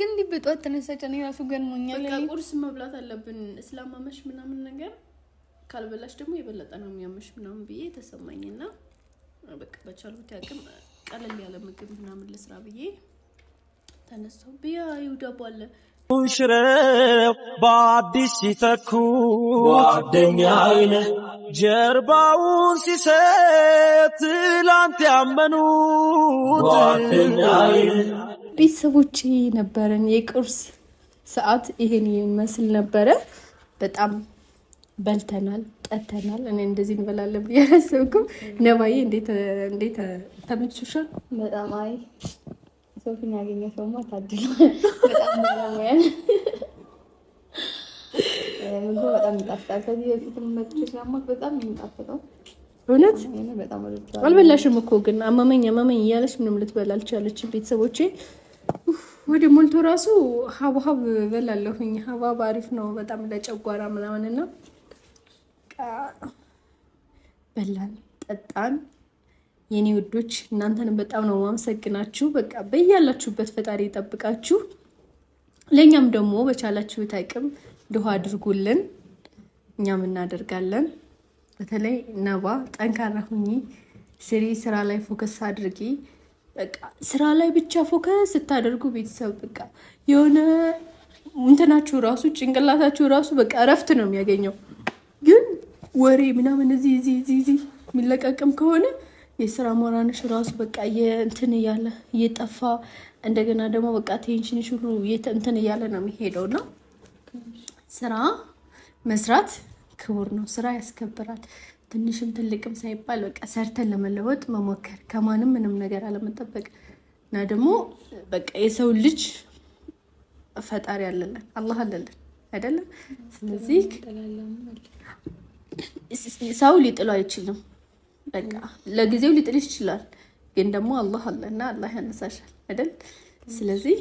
ግን ሊብጧት ተነሳች። እኔ ራሱ ገርሞኛል። ቁርስ መብላት አለብን ስላማመሽ ምናምን ነገር ካልበላሽ ደግሞ የበለጠ ነው የሚያመሽ ምናምን ብዬ ተሰማኝና በቃ በቻልኩት ያቅም ቀለል ያለ ምግብ ምናምን ልስራ ብዬ ተነሳሁ። ብያ ይውዳቦ አለ ሽረው በአዲስ ሲተኩ አይነ ጀርባውን ሲሰጥ ትላንት ያመኑት ቤተሰቦች ነበረን። የቁርስ ሰዓት ይሄን ይመስል ነበረ። በጣም በልተናል፣ ጠተናል። እኔ እንደዚህ እንበላለን ብዬ አላሰብኩም። ነባዬ እንዴት ተመችቶሻል? በጣም አይ ሶፊን ያገኘ ሰውማ ታድል። በጣም ባለሙያ ምግቡ በጣም ይጣፍጣል። ከዚህ በፊት መጥቼ ስለማውቅ በጣም የሚጣፍጠው እውነት አልበላሽም እኮ ግን አመመኝ አመመኝ እያለች ምንም ልትበላ አልቻለች። ቤተሰቦቼ ወደ ሞልቶ ራሱ ሀብሀብ በላለሁኝ። ሀብሀብ አሪፍ ነው በጣም ለጨጓራ ምናምንና በላን ጠጣን። የኔ ውዶች እናንተንም በጣም ነው ማመሰግናችሁ። በቃ በያላችሁበት ፈጣሪ ይጠብቃችሁ። ለእኛም ደግሞ በቻላችሁት አቅም ድሃ አድርጉልን፣ እኛም እናደርጋለን። በተለይ ነባ ጠንካራ ሁኚ፣ ስሪ፣ ስራ ላይ ፎከስ አድርጌ በቃ ስራ ላይ ብቻ ፎከስ ስታደርጉ ቤተሰብ በቃ የሆነ እንትናችሁ ራሱ ጭንቅላታችሁ ራሱ በቃ እረፍት ነው የሚያገኘው። ግን ወሬ ምናምን እዚህ እዚህ እዚህ እዚህ የሚለቀቅም ከሆነ የስራ ሞራንሽ ራሱ በቃ እንትን እያለ እየጠፋ እንደገና ደግሞ በቃ ቴንሽንሽ ሁሉ እንትን እያለ ነው የሚሄደው እና ስራ መስራት ክቡር ነው። ስራ ያስከብራል። ትንሽም ትልቅም ሳይባል በቃ ሰርተን ለመለወጥ መሞከር ከማንም ምንም ነገር አለመጠበቅ እና ደግሞ በቃ የሰው ልጅ ፈጣሪ አለለን አላህ አለለን አይደለም። ስለዚህ ሰው ሊጥሉ አይችልም። በቃ ለጊዜው ሊጥልሽ ይችላል፣ ግን ደግሞ አላህ አለና አላህ ያነሳሻል አይደል? ስለዚህ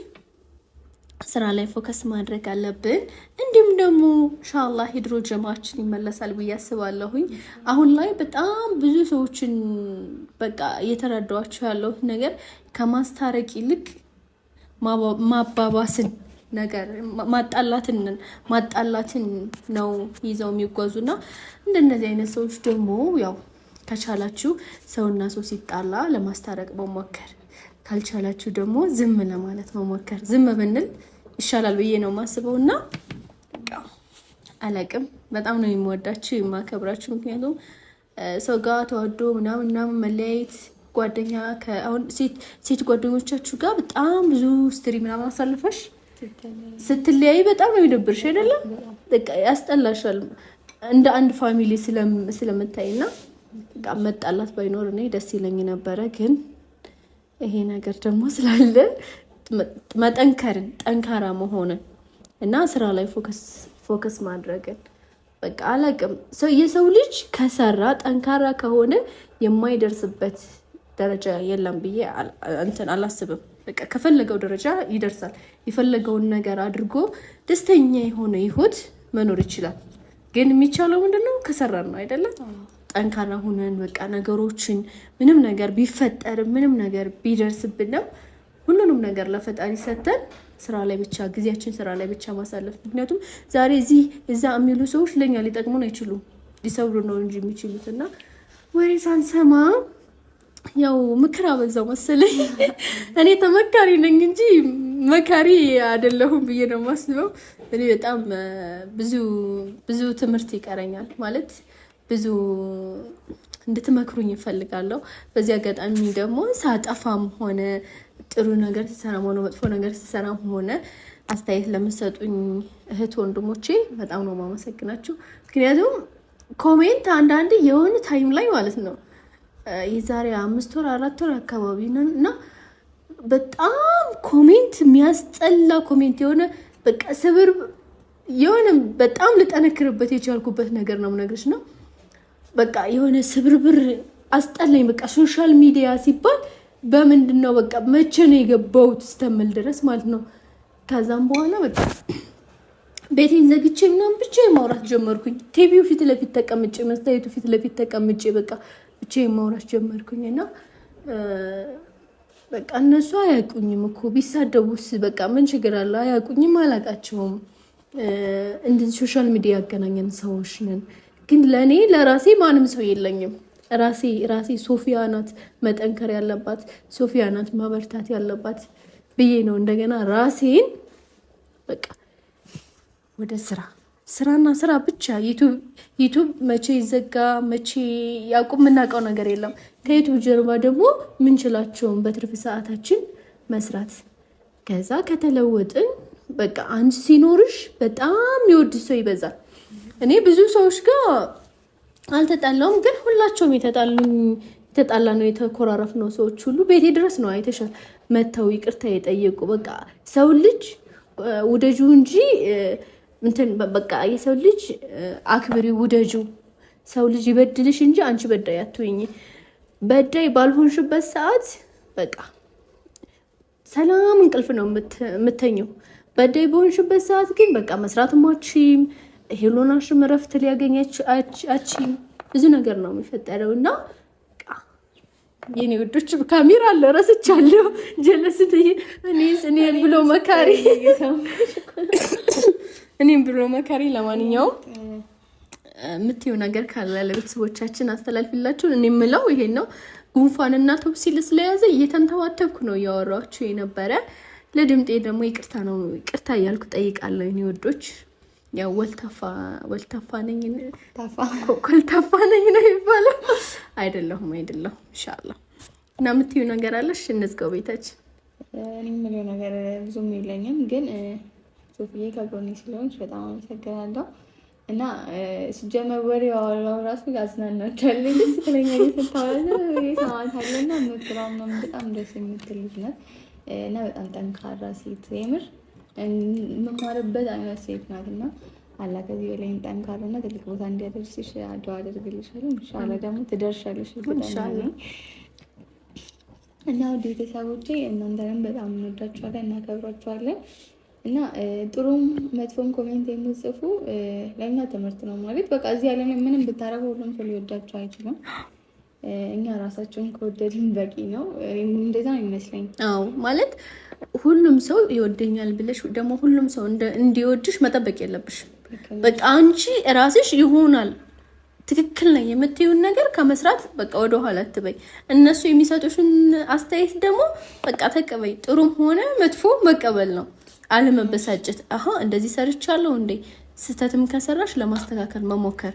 ስራ ላይ ፎከስ ማድረግ አለብን። እንዲሁም ደግሞ ኢንሻላህ ሂድሮ ጀማችን ይመለሳል ብዬ አስባለሁኝ። አሁን ላይ በጣም ብዙ ሰዎችን በቃ እየተረዳዋቸው ያለሁት ነገር ከማስታረቅ ይልቅ ማባባስን ነገር ማጣላትን ማጣላትን ነው ይዘው የሚጓዙና እንደነዚህ አይነት ሰዎች ደግሞ ያው ከቻላችሁ ሰውና ሰው ሲጣላ ለማስታረቅ መሞከር ካልቻላችሁ ደግሞ ዝም ለማለት መሞከር ዝም ብንል ይሻላል ብዬ ነው የማስበው። እና አላቅም በጣም ነው የሚወዳችሁ የማከብራችሁ። ምክንያቱም ሰው ጋር ተዋዶ ምናምን ምናምን መለያየት ጓደኛ አሁን ሴት ጓደኞቻችሁ ጋር በጣም ብዙ ስትሪ ምናምን አሳልፈሽ ስትለያይ በጣም ነው የሚደብርሽ አይደለም? በቃ ያስጠላሻል እንደ አንድ ፋሚሊ ስለምታይ እና መጣላት ባይኖር እኔ ደስ ይለኝ ነበረ ግን ይሄ ነገር ደግሞ ስላለ መጠንከርን ጠንካራ መሆንን እና ስራ ላይ ፎከስ ማድረግን በቃ አላቅም። የሰው ልጅ ከሰራ ጠንካራ ከሆነ የማይደርስበት ደረጃ የለም ብዬ እንትን አላስብም። በቃ ከፈለገው ደረጃ ይደርሳል። የፈለገውን ነገር አድርጎ ደስተኛ የሆነ ይሁት መኖር ይችላል። ግን የሚቻለው ምንድነው ነው? ከሰራ ነው አይደለም። ጠንካራ ሆነን በቃ ነገሮችን ምንም ነገር ቢፈጠርም ምንም ነገር ቢደርስብንም ሁሉንም ነገር ለፈጣሪ ሰተን ስራ ላይ ብቻ ጊዜያችን ስራ ላይ ብቻ ማሳለፍ። ምክንያቱም ዛሬ እዚህ እዛ የሚሉ ሰዎች ለእኛ ሊጠቅሙን አይችሉም፣ ሊሰብሩ ነው እንጂ የሚችሉት እና ወሬ ሳንሰማ ያው ምክር አበዛው መሰለኝ። እኔ ተመካሪ ነኝ እንጂ መካሪ አይደለሁም ብዬ ነው የማስበው። እኔ በጣም ብዙ ብዙ ትምህርት ይቀረኛል ማለት ብዙ እንድትመክሩኝ ይፈልጋለሁ። በዚህ አጋጣሚ ደግሞ ሳጠፋም ሆነ ጥሩ ነገር ሲሰራም ሆነ መጥፎ ነገር ሲሰራም ሆነ አስተያየት ለምሰጡኝ እህት ወንድሞቼ በጣም ነው ማመሰግናችሁ። ምክንያቱም ኮሜንት አንዳንድ የሆነ ታይም ላይ ማለት ነው የዛሬ አምስት ወር አራት ወር አካባቢ እና በጣም ኮሜንት የሚያስጠላ ኮሜንት የሆነ በቃ ስብር የሆነ በጣም ልጠነክርበት የቻልኩበት ነገር ነው ነገሮች ነው በቃ የሆነ ስብርብር አስጠላኝ። በቃ ሶሻል ሚዲያ ሲባል በምንድን ነው በቃ መቼ ነው የገባሁት ስተምል ድረስ ማለት ነው። ከዛም በኋላ በቃ ቤቴን ዘግቼ ምናምን ብቻ ማውራት ጀመርኩኝ። ቲቪው ፊት ለፊት ተቀምጬ፣ መስታየቱ ፊት ለፊት ተቀምጬ በቃ ብቻ ማውራት ጀመርኩኝ እና በቃ እነሱ አያውቁኝም እኮ ቢሳደቡስ በቃ ምን ችግር አለ? አያውቁኝም፣ አላውቃቸውም። እንደዚህ ሶሻል ሚዲያ ያገናኘን ሰዎች ነን። ግን ለእኔ ለራሴ ማንም ሰው የለኝም። ራሴ ራሴ ሶፊያ ናት መጠንከር ያለባት ሶፊያ ናት መበርታት ያለባት ብዬ ነው እንደገና ራሴን በቃ ወደ ስራ ስራና ስራ ብቻ። ዩቱብ መቼ ይዘጋ መቼ ያቁም የምናውቀው ነገር የለም። ከዩቱብ ጀርባ ደግሞ ምንችላቸውን በትርፍ ሰዓታችን መስራት ከዛ ከተለወጥን በቃ አንድ ሲኖርሽ በጣም የወድ ሰው ይበዛል። እኔ ብዙ ሰዎች ጋር አልተጣላውም፣ ግን ሁላቸውም የተጣላ ነው የተኮራረፍ ነው ሰዎች ሁሉ ቤቴ ድረስ ነው አይተሻል፣ መተው ይቅርታ የጠየቁ በቃ ሰው ልጅ ውደጁ እንጂ እንትን በቃ የሰው ልጅ አክብሪ ውደጁ። ሰው ልጅ ይበድልሽ እንጂ አንቺ በዳይ አትሁኝ። በዳይ ባልሆንሽበት ሰዓት በቃ ሰላም እንቅልፍ ነው የምተኘው። በዳይ በሆንሽበት ሰዓት ግን በቃ መስራት ማችም ሄሎናሽም እረፍት ሊያገኘች አቺ ብዙ ነገር ነው የሚፈጠረው እና የኔ ውዶች ካሜራ አለ ረስቻለሁ። ጀለስት እኔም ብሎ መካሪ እኔም ብሎ መካሪ። ለማንኛውም የምትየው ነገር ካለ ለቤተሰቦቻችን አስተላልፊላችሁን። እኔ የምለው ይሄን ነው። ጉንፋን እና ቶብሲል ስለያዘ እየተንተዋተብኩ ነው እያወራችሁ የነበረ። ለድምጤ ደግሞ ይቅርታ ነው ይቅርታ እያልኩ ጠይቃለሁ የኔ ውዶች። ያው ወልታፋ ወልታፋ ነኝ ነኝ ነው የሚባለው። አይደለሁም አይደለሁም። ኢንሻአላህ እና የምትዩ ነገር አለሽ? እንዝጋው ቤታችን። እኔ የምለው ነገር ብዙም የለኝም፣ ግን ሶፊዬ ከጎኔ ስለሆንሽ በጣም አመሰግናለሁ። እና ሲጀመር ወሬ ዋላው ራሱ ያዝናናቻል። ደስ ትለኛ ሰማታለና ምክራም በጣም ደስ የምትል ልጅ ናት እና በጣም ጠንካራ ሴት የምር የምኮርበት አይነት ሴት ናት እና አላ ከዚህ በላይ ጠንካራና ትልቅ ቦታ እንዲያደርስሽ አድዋ አደርግልሻለሁ። ኢንሻላህ ደግሞ ትደርሻለሽ እና ውድ ቤተሰቦቼ እናንተንም በጣም እንወዳችኋለን፣ እናከብሯችኋለን እና ጥሩም መጥፎም ኮሜንት የምጽፉ ለእኛ ትምህርት ነው ማለት በቃ እዚህ ያለ ምንም ብታረጉ ሁሉም ሰው ሊወዳቸው አይችልም። እኛ ራሳቸውን ከወደድን በቂ ነው። እንደዛ ይመስለኝ። አዎ ማለት ሁሉም ሰው ይወደኛል ብለሽ ደግሞ ሁሉም ሰው እንዲወድሽ መጠበቅ የለብሽም። በቃ አንቺ ራስሽ ይሆናል ትክክል ነኝ የምትዩን ነገር ከመስራት በቃ ኋላ አትበይ። እነሱ የሚሰጡሽን አስተያየት ደግሞ በቃ ተቀበይ። ጥሩም ሆነ መጥፎ መቀበል ነው፣ አለመበሳጨት። አሀ እንደዚህ ሰርቻለሁ እንዴ? ስህተትም ከሰራሽ ለማስተካከል መሞከር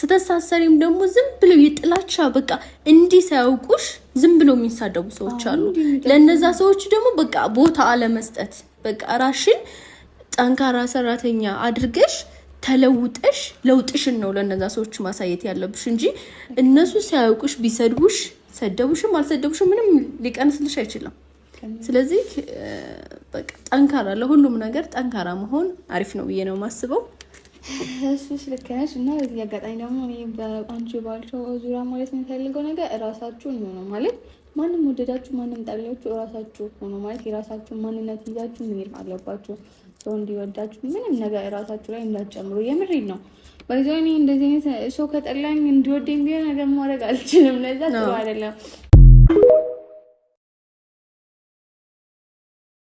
ስተሳሰሪም ደግሞ ዝም ብለው የጥላቻ በቃ እንዲህ ሳያውቁሽ ዝም ብለው የሚሳደቡ ሰዎች አሉ። ለነዛ ሰዎች ደግሞ በቃ ቦታ አለመስጠት በቃ ራሽን ጠንካራ ሰራተኛ አድርገሽ ተለውጠሽ ለውጥሽን ነው ለነዛ ሰዎች ማሳየት ያለብሽ እንጂ እነሱ ሳያውቁሽ ቢሰድቡሽ፣ ሰደቡሽም አልሰደቡሽም ምንም ሊቀንስልሽ አይችልም። ስለዚህ ጠንካራ ለሁሉም ነገር ጠንካራ መሆን አሪፍ ነው ብዬ ነው የማስበው። እሱስ ልክ ነሽ። እና በዚህ አጋጣሚ ደግሞ በአንቺ ባልቸው ዙሪያ ማለት የሚፈልገው ነገር እራሳችሁን ሆኖ ማለት ማንም ወደዳችሁ ማንም ጠላችሁ እራሳችሁ ሆኖ ማለት የራሳችሁን ማንነት ይዛችሁ መሄድ አለባችሁ። ሰው እንዲወዳችሁ ምንም ነገር እራሳችሁ ላይ እንዳትጨምሩ። የምሬድ ነው። በዚ እኔ እንደዚህ አይነት ሰው ከጠላኝ እንዲወደኝ ቢሆን ነገር ማድረግ አልችልም። ለዛ ጥሩ አይደለም።